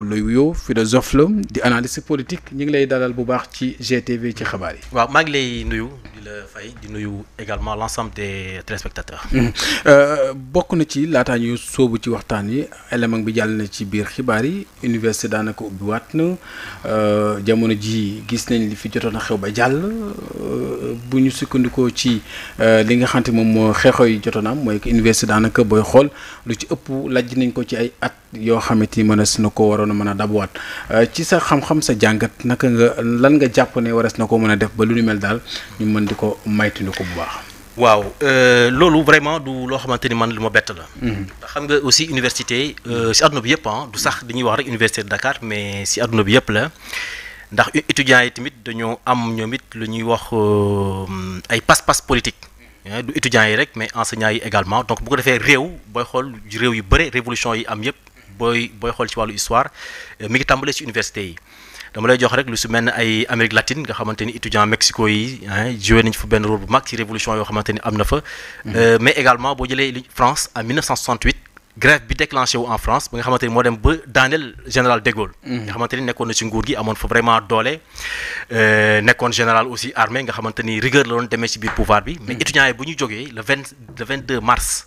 lu yoo philosophe la di analyste politique ñing lay dalal bu baax ci GTV ci xabar yi. waaw maa lay nuyu di la fay di nuyu également l'ensemble des téléspectateurs. Hum, euh bokku na ci laataa ñu sóobu ci waxtaan yi élément bi jall na ci biir xibaar yi université daanaka ubbiwaat na euh, jamono ji gis nañ li fi jotona xew ba jall euh, bu ñu sukkandikoo ci euh, li nga xanti mom moo xeexoo yi jotoon université danaka boy xol lu ci ëpp laj nañ ko ci ay at yo xamante ni mënees na ko waroon a mën euh, ci sa xam-xam sa jangat naka nga lan nga jàpp ne warees na ko def ba lu mel dal ñu meun diko ko maytundi bu baax. waaw euh, lolu vraiment du lo xamanteni man luma ma bett la. Mhm. xam nga aussi université euh, si aduna bi yep han ah, du sax dañuy wax rek université de Dakar mais si aduna bi yep la. ndax étudiant yi tamit dañoo am ñomit luñuy wax ay passe-passe politique eh, du étudiant yi rek mais enseignant yi également donc bu ko defee réew booy xool réew yu bëre révolution yi am yëpp boy boy xol ci walu histoire mi ngi tambalé ci université yi dama lay jox rek lu su mel ay Amérique latine nga xamanteni étudiant étudiants Mexico yi hein, joué nañ fa benn rôle bu mak ci révolution yo xamanteni amna am na fa. Mm-hmm. Euh, mais également boo jëlee France en 1968. grève bi déclenché wu en France ba nga xamanteni mo dem ba Daniel général de Gaulle. Mm-hmm. nga xamanteni ni na ci nguur gi amone fa vraiment euh nekkoon général aussi armée nga xamanteni rigueur la doon démé ci biir pouvoir bi. mais mm-hmm. étudiant yi bu ñu jógee le vingt le vingt mars.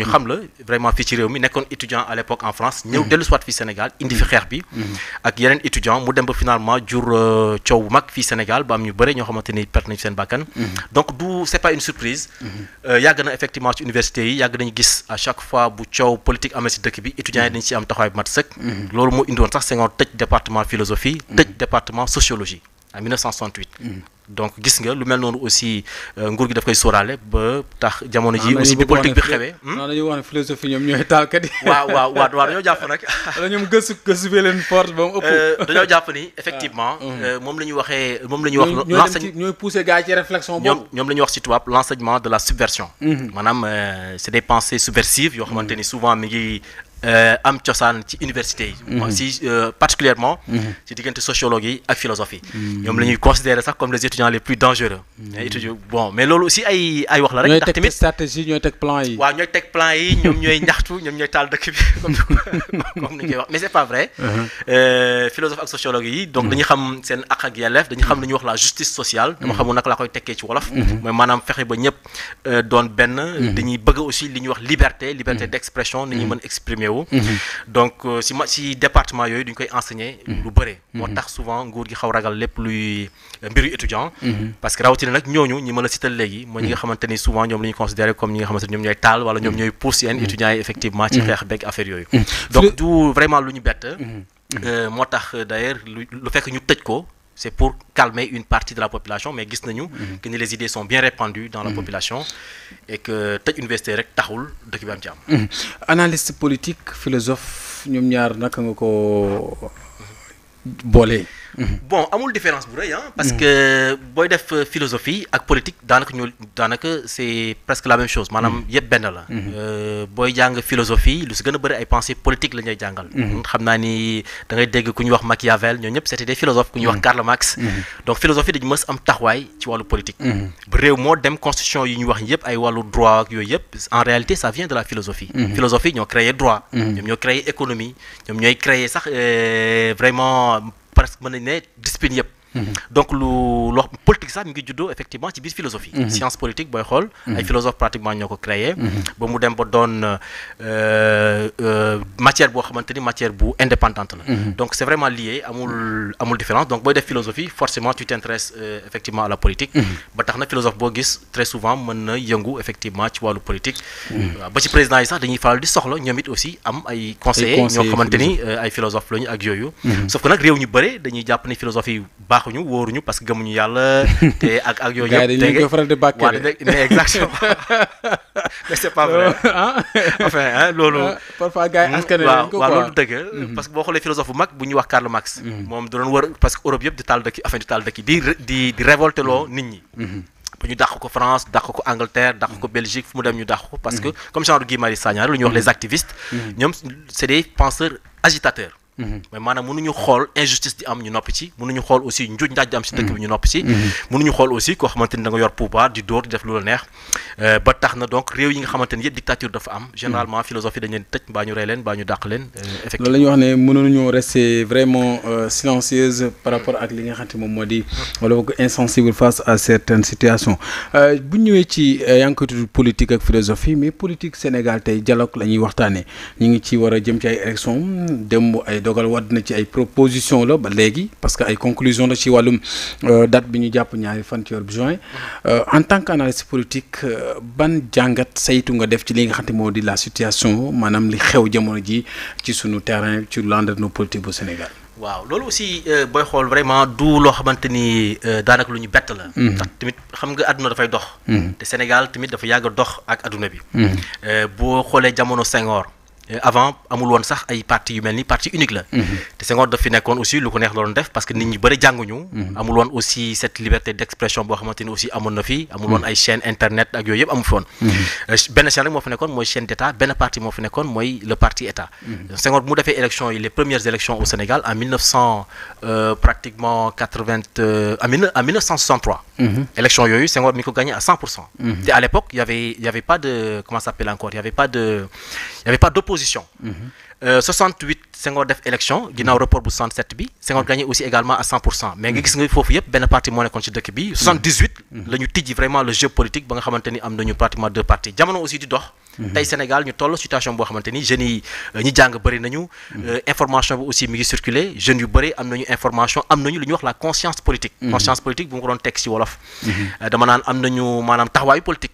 ñu xam vraiment fii ci milieu mi étudiant à l'époque en France ñëw mmh. dellu soit fii Sénégal indi fi xeex bi mmh. ak yeneen étudiant mu dem ba finalement dur euh, chou mag fii Sénégal ba am ñu bëre ñoo xamante ni perte nañu mmh. donc du c'est pas une surprise euh, yàgg na effectivement ci université yi yàgg nañu gis à chaque fois bu coow politique amee si dëkk bi étudiants ici à si am taxawaay bu mat sëkk loolu moo indiwoon sax département philosophie tëj département sociologie en 1968 donc gis nga lu mel non aussi euh, nguur gi daf koy ba tax jamono ji ah, aussi bi politique bi hmm? non philosophie ni effectivement. Ah, euh, l'enseignement ci réflexion wax ci l'enseignement de la subversion. Mhm. Euh, c'est des pensées subversives mhm. souvent mi euh, am cosaan ci université yi. Mhm. si euh, particulièrement mhm. ci diggante sociologie yi ak philosophie yi. Mhm. ñoom la ñuy considérer sax comme les étudiants les plus dangereux. étudiant bon mais loolu aussi ay ay wax la rek. ndax tamit ñooy stratégie ñooy teg plan yi. waaw ñooy teg plan yi ñoom ñooy ñaxtu ñoom ñooy taal dëkk bi comme comme ni ñu wax mais c'est pas vrai. Uh-huh. Euh, philosophe ak sociologue yi donc mm-hmm. dañuy xam seen ak ak yelleef dañuy xam mm-hmm. lu ñuy wax la justice sociale. dama mm-hmm. xamul naka la koy tekkee ci wolof. mooy maanaam fexe ba ñëpp doon benn. dañuy bëgg aussi li ñuy wax liberté liberté d'expression ni ñuy mën exprimer wu. Mhm. donc euh, si si département yoy duñ koy enseigner. Mhm. lu bëre. Mhm. motax souvent nguur gi xaw ragal lepp luy euh, mbiru étudiant. parce que rawti nak ñooñu ñi mëna a légui léegi. ñi nga xamante souvent ñom la considérer comme ñi nga xamante ñom ñoy tal wala ñom ñoy pousse yenn étudiants effectivement ci xeex beeg affaire yoy donc du vraiment lu ñu bett. Euh, moo tax d'ailleurs lu fekk ñu tëj ko. C'est pour calmer une partie de la population, mais nous nañu mhm. que les idées sont bien répandues dans la mhm. population et que toute université rek taxul dëkk bi mhm. analyste politique philosophe ñom ñaar nak nga ko Mhm. bon amul différence bu rëy hein parce mhm. que boy def euh, philosophie ak politique danaka danaka c'est presque la même chose manam mhm. yeb ben la. Euh, boy jàng philosophie lu si gën bëri ay pensées politique la ñay jàngal. xamna ni da ngay dégg ku ñu wax Machiavel ñoo ñep c'était des philosophes ku ñu wax Karl Marx. donc philosophie dañu mës am taxway ci walu politique. bu rew mo dem constitution yi ñu wax yëpp ay walu droit ak yooyu en réalité ça vient de la philosophie. philosophie ñoo créé droit. ñoom ñoo créé économie ñom ñoy créé sax euh, vraiment. presque mën nañ ne discipline Mhm. donc lu politique ça mi ngi effectivement ci biir philosophie mhm. science politique boy xol ay mhm. philosophe pratiquement ñoko créer ba mu dem ba doon euh, euh, matière bo xamanteni matière bu indépendante donc c'est vraiment lié amul amul différence donc boy def philosophie forcément tu t'intéresses euh, effectivement à la politique ba tax na philosophe bo gis très souvent mën na yëngu effectivement ci walu politique ba ci président yi sax dañuy faral di soxla aussi am ay conseillers ñoo xamanteni philosophes ay philosophe lañu ak sauf que nak rew ñu De dañuy japp ni philosophie parce que les yalla té ak c'est pas hmm, hmm. parce que Karl Marx hmm. parce que Europe yépp di enfin di di di France Angleterre Belgique fu mu dem parce que comme jean Guy Marius les activistes c'est des penseurs agitateurs Mm-hmm. mais maanaam mënuñu xool injustice di am ñu noppi ci mënuñu xool aussi njuuj ndaj di am si dëkk bi ñu noppi ci mm-hmm. mënuñu xool aussi koo xamante ni da nga yor pouvoir di dóor di def lu la neex euh, ba tax na donc réew yi nga xamante ni yëpp dictature dafa am généralement philosophie dañu leen tëj mbaa ñu rey leen mbaa ñu dàq leen euh, effectivement loolu la ñuy wax ne mënuñu rester vraiment euh, silencieuse par rapport ak li nga xamante moom moo di wala boog insensible face à certaines situations bu ñëwee ci yaa politique ak philosophie mais politique Sénégal tey dialogue la ñuy waxtaanee ñu ngi ci war a jëm ci ay élection démb ay dogal wadd na ci ay proposition la ba léegi parce que ay conclusion la ci wàllum euh, date bi ñu jàpp ñaari fan ci juin euh, en tant que analyste politique euh, ban jàngat saytu nga def ci li nga xam ne moo di la situation maanaam li xew jamono ji ci sunu terrain ci landerneau politique bu Sénégal. waaw loolu aussi booy xool vraiment du loo xamante ni daanaka lu ñu bett la. Mm-hmm. ndax tamit xam nga àdduna dafay dox. Mm-hmm. te Sénégal tamit dafa yàgg dox ak àdduna bi. Mm-hmm. boo xoolee jamono Senghor. Euh, avant amul won sax ay parti yu melni parti unique la c'est mhm. Senghor daf fi nekkone aussi lu ko neex la def parce que nit ñi bëri jànguñu mhm. amul won aussi cette liberté d'expression bo xamanteni aussi amoon na fi amul won mhm. ay chaîne internet ak yooyu yëpp amu fi woon euh, chaîne rek mo fi nekkone moy chaîne d'état ben parti mo fi nekkone moy le parti état c'est bu mu défé élection yi les premières élections au Sénégal en 1900 euh, pratiquement 80 en 1963 élection mhm. yooyu c'est moi qui gagné à 100 mhm. et à l'époque y avait y avait pas de comment ça s'appelle encore y avait pas de y avait pas d'opposition mhm. 68 euh, Senghor def élection un mm-hmm. report bu 67 bi Senghor gagné aussi également à 100 mais nga gis nga fofu yépp ben parti qui kon ci dëkk bi 78 mm-hmm. mm-hmm. lañu vraiment le jeu politique ba nga xamanteni am nañu pratiquement deux partis jamono aussi di dox tay Sénégal ñu toll situation bo xamanteni ni jeunes yi euh, ñi jang bari nañu euh, information aussi mi ngi circuler jeunes yu bari am nañu information am nañu la conscience politique conscience politique bu ma ko texte ci wolof dama naan am nañu manam politique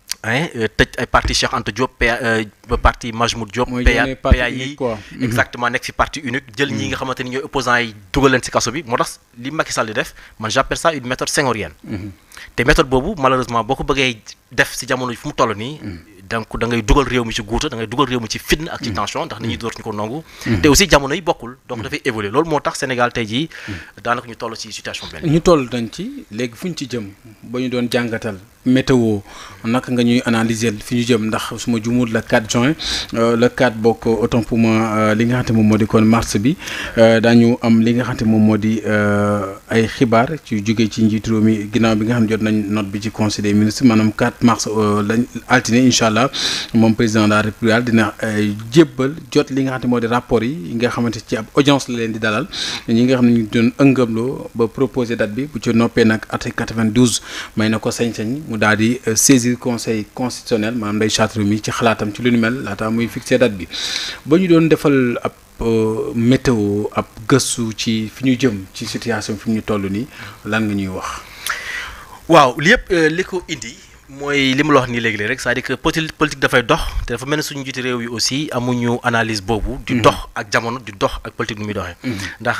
Hein, euh, parti Cheikh Anta Diop euh, parti Majmoud Diop. Mhm. exactement parti unique. djel ñi nga mhm. xamanteni opposants yi bi motax li j'appelle ça une méthode senghorienne. Mhm. té méthode malheureusement beaucoup def si jamono fu mu donc da ngay duggal réew mi ci guuta da ngay duggal réew mi ci fitna ak ci tension ndax aussi jamono yi donc évoluer Sénégal ñu ci situation ñu dañ ci ci météo naka nga ñuy analyser fi ñu jëm ndax su ma jumut le 4 juin euh, le 4 bokk autant pour moi euh, li nga xam ne moom moo di kon mars bi euh, daañu am li nga xam te moom moo di ay xibaar ci jóge ci njiitu mi ginnaaw bi nga xam ne jot nañ note bi ci conseil des ministres maanaam 4 mars lañ altine incha allah moom président de la république dina jébbal jot li nga xam ne moo di rapport yi nga xamante ci ab audience la leen di dalal ñi nga xam ne ñu doon ëngamloo ba proposer date bi bu ci noppee nag article 92 may na ko sañ-sañ mu daal euh, saisir conseil constitutionnel maanaam day chatre mi ci xalaatam ci lu ni mel lata muy fixer date bi bañu ñu doon defal ab euh, météo ab geussu ci fiñu jëm ci situation fiñu tollu ni lan nga ñuy wax. waaw li yëpp euh, indi moy limu mu la wax nii léegi rek c'est-à-dire que politique da fay dox te dafa mel suñu jiite réew yi aussi amuñu analyse bobu di mhm. dox ak jamono di dox ak politique nu muy doxee. Mhm. ndax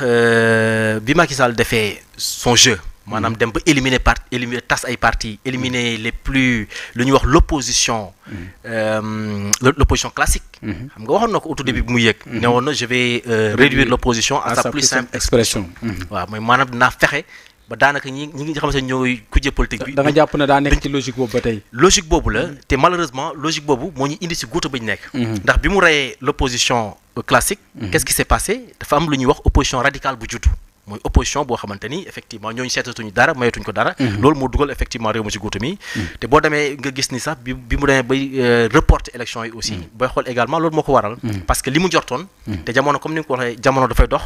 bi Macky Sall defee son jeu manam dem ba éliminer parti éliminer tas ay parti éliminer mm. les plus le ñuy wax l'opposition mm. euh, l'opposition classique mm-hmm. xam nga waxoon na ko au tout début mu yëg mm-hmm. ne na je vais euh, réduire l'opposition à sa plus simple expression mm-hmm. waaw mooy manam dinaa fexé ba danaka ñi ñi nga xamante ñoy ñooy politique bi da nga japp ne da nek ci logique bobu ba logique bobu la té malheureusement logique bobu mo ñu indi ci guuta ba ñu ndax bi mu rayé l'opposition euh, classique qu'est-ce qui s'est passé dafa am lu ñuy wax opposition radicale bu judd moy opposition boo xamante ni effectivement ñooñu seetatuñu dara mayatuñ ko dara. Mhm. loolu mo duggal effectivement réew mi ci guutu mi. Mhm. te boo demee nga gis ni sax bi mu démé bay euh, reporte élection yi aussi. Mhm. bay xol également loolu moko waral. parce que limu jortone té jamono comme ni ko waxe jamono fay dox.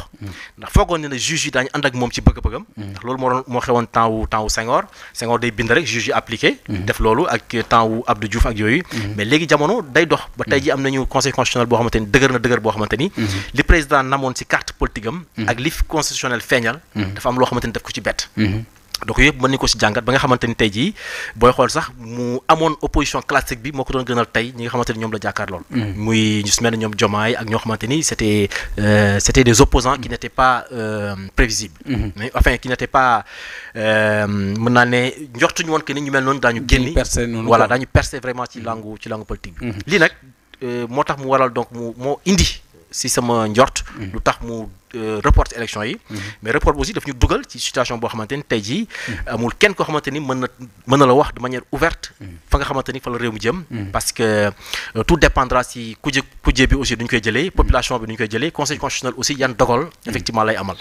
ndax fogon ni na juge yi daañu ànd ak moom ci bëgg-bëggam. ndax loolu mo doon moo temps wu temps wu Senghor Senghor day bind rek juge yi appliqué. def loolu ak temps wu Abdou Diouf ak yooyu. mais légui jamono day dox. ba tay ji am nañu conseil constitutionnel bo xamanteni deugër na deugër bo xamanteni li président namone ci carte politique am. ak li constitutionnel feeñal mhm. dafa am lo xamanteni daf ko ci bett mhm. donc yépp yëpp mën nañu ko si jàngat ba nga xamanteni ni tey jii booy xool sax mu amoon opposition classique bi moo ko doon gënal tey ñi nga xamanteni ni ñoom la jàkkaar lool mhm. muy ñu su mel ne ñoom Diomaye ak ñoo xamante ni c'était euh, c'était des opposants qui n'étaient pas euh, prévisible mais enfin qui n'étaient pas euh, mën naa ne njortuñu woon que ni ñu mel noonu dañu génni voilà dañu percer vraiment ci langue ci langue politique bi lii nag moo tax mu waral donc mu moo indi si sama njort. Mhm. lu tax mu euh, report élection yi. Mhm. mais report aussi daf ñu duggal ci situation bo xamanteni tay ji mhm. amul kenn ko xamanteni ni mën la wax de manière ouverte. fa nga xamanteni fa la réew mu jëm. parce que euh, tout dépendra si kuje kuje bi aussi duñ koy jëlé population bi duñ koy jëlé conseil constitutionnel aussi yan dogal. effectivement lay amal.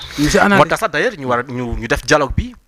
mo tax sax d' ñu war ñu ñu def dialogue bi.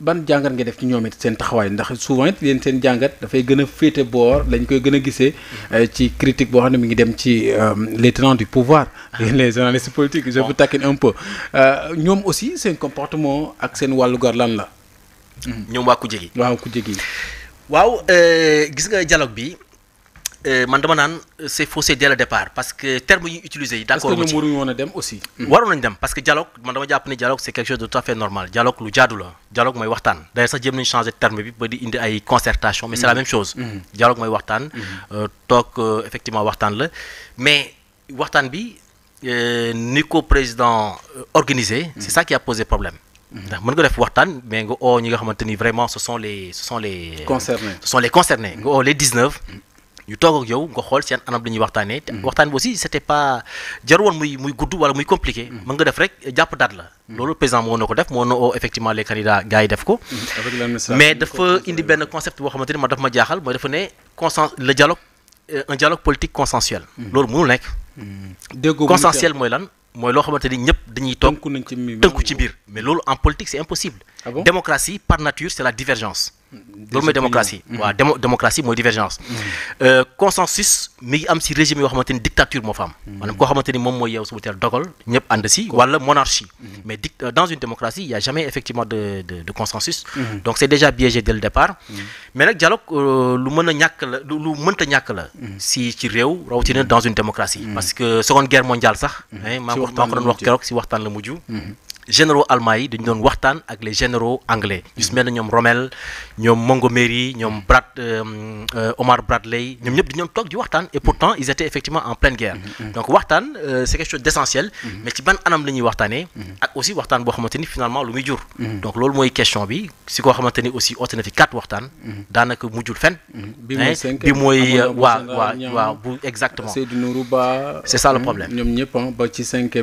ban jàngat nga def ci ñoom it seen taxawaay ndax souvent it leen seen jàngat dafay gën a féete boor lañ koy gën a gisee euh, ci critique boo xam ne mi ngi dem ci euh, les tenants du pouvoir ah. les journalistes politiques je vous taquine un peu euh, ñoom aussi seen comportement ak seen wàllu gor lan la ñoom waa ku jegi waaw ku jegi waaw gis nga dialogue bi euh, man dama que c'est faussé dès le départ parce que terme termes utilisé d'accord Parce que ñoom on woon a dem aussi hmm. waroon nañ dem parce que dialogue man dama jàpp ne dialogue c'est quelque chose de tout à fait normal dialogue lu dialogue, dialogue mooy d'ailleurs ça, j'ai nañu changer terme bi ba di indi ay concertation mais c'est la hmm. même chose hmm. dialogue mooy waxtaan Donc, euh, euh, effectivement waxtaan la mais waxtaan bi nico président organisé c'est ça qui a posé problème Je mën nga def waxtaan mais nga vraiment ce sont les ce sont les concernés ce sont les concernés nga oo les 19 ñu toog ak yow nga xool seen anam la ñuy waxtaanee. te mm-hmm. waxtaan bi aussi c' était pas jaru muy muy gudd wala muy compliqué. ma mm-hmm. nga def rek jàpp dat la. Mm-hmm. loolu président moo na ko def moo na oo effectivement les candidats gars yi def ko. mais dafa indi benn concept boo xamante ni d'af, dafa ma jaaxal mooy dafa ne consens le dialogue euh, un dialogue politique consensuel. loolu mënul nekk. consensuel mooy lan. mooy loo xamante ni ñëpp dañuy toog tënku ci mbir mais loolu en politique c' est impossible. Ah démocratie par nature c' est la divergence dans mooy démocratie mm-hmm. démocratie mooy divergence mm-hmm. euh, consensus mais aussi am si régime yoo xamante une dictature moo fa on mm-hmm. maanaam koo xamante ni moom mooy yow suba teel dogal ñëpp ànd si wala monarchie mais euh, dans une démocratie il y a jamais effectivement de de de consensus donc c'est déjà biaisé dès le départ mais le dialogue euh, lu mën a lu si ci réew dans une démocratie parce que seconde guerre mondiale sax hein, m'a ko maa ko wax keroog si waxtaan la mujj généraux allemands yi dañu doon waxtaan ak les généraux anglais gis mel ñom ñoom Rommel ñoom Montgomery ñoom Brad euh, euh, Omar Bradley ñom ñep dañu doon toog di waxtaan et pourtant ils étaient effectivement en pleine guerre mm-hmm, mm-hmm. donc waxtaan euh, c'est quelque chose d'essentiel mm-hmm. mais ci ban anam la ñuy waxtaanee ak aussi waxtaan bo xamanteni finalement lu muy jur donc loolu moy question bi si ko xamanteni aussi oote na fi quatre waxtaan daanaka mujjul fen hein? bi mooy wa wa wa bu exactement c'est du c'est ça le hein? problème ñom ñep hein, ba ci 5